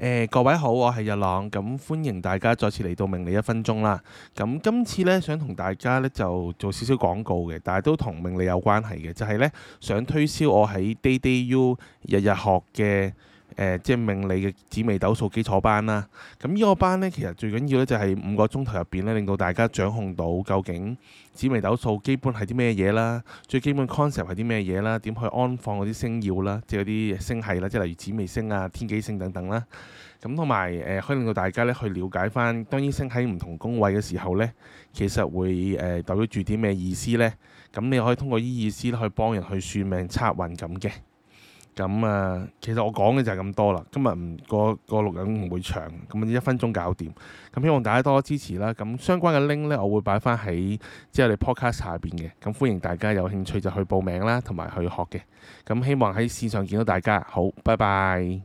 誒、呃、各位好，我係日朗，咁歡迎大家再次嚟到命理一分鐘啦。咁今次呢，想同大家呢就做少少廣告嘅，但係都同命理有關係嘅，就係、是、呢：想推銷我喺 DayDayU 日日學嘅。誒、呃，即係命理嘅紫微斗數基礎班啦。咁呢個班呢，其實最緊要呢，就係五個鐘頭入邊呢，令到大家掌控到究竟紫微斗數基本係啲咩嘢啦，最基本 concept 係啲咩嘢啦，點去安放嗰啲星曜啦，即係嗰啲星系啦，即係例如紫微星啊、天機星等等啦。咁同埋誒，可以令到大家呢，去了解翻，當啲星喺唔同宮位嘅時候呢，其實會誒、呃、代表住啲咩意思呢？咁你可以通過啲意思咧，去幫人去算命、測運咁嘅。咁啊，其實我講嘅就係咁多啦。今日唔個個錄影唔會長，咁一分鐘搞掂。咁希望大家多多支持啦。咁相關嘅 link 咧，我會擺翻喺即係我哋 podcast 下邊嘅。咁歡迎大家有興趣就去報名啦，同埋去學嘅。咁希望喺線上見到大家。好，拜拜。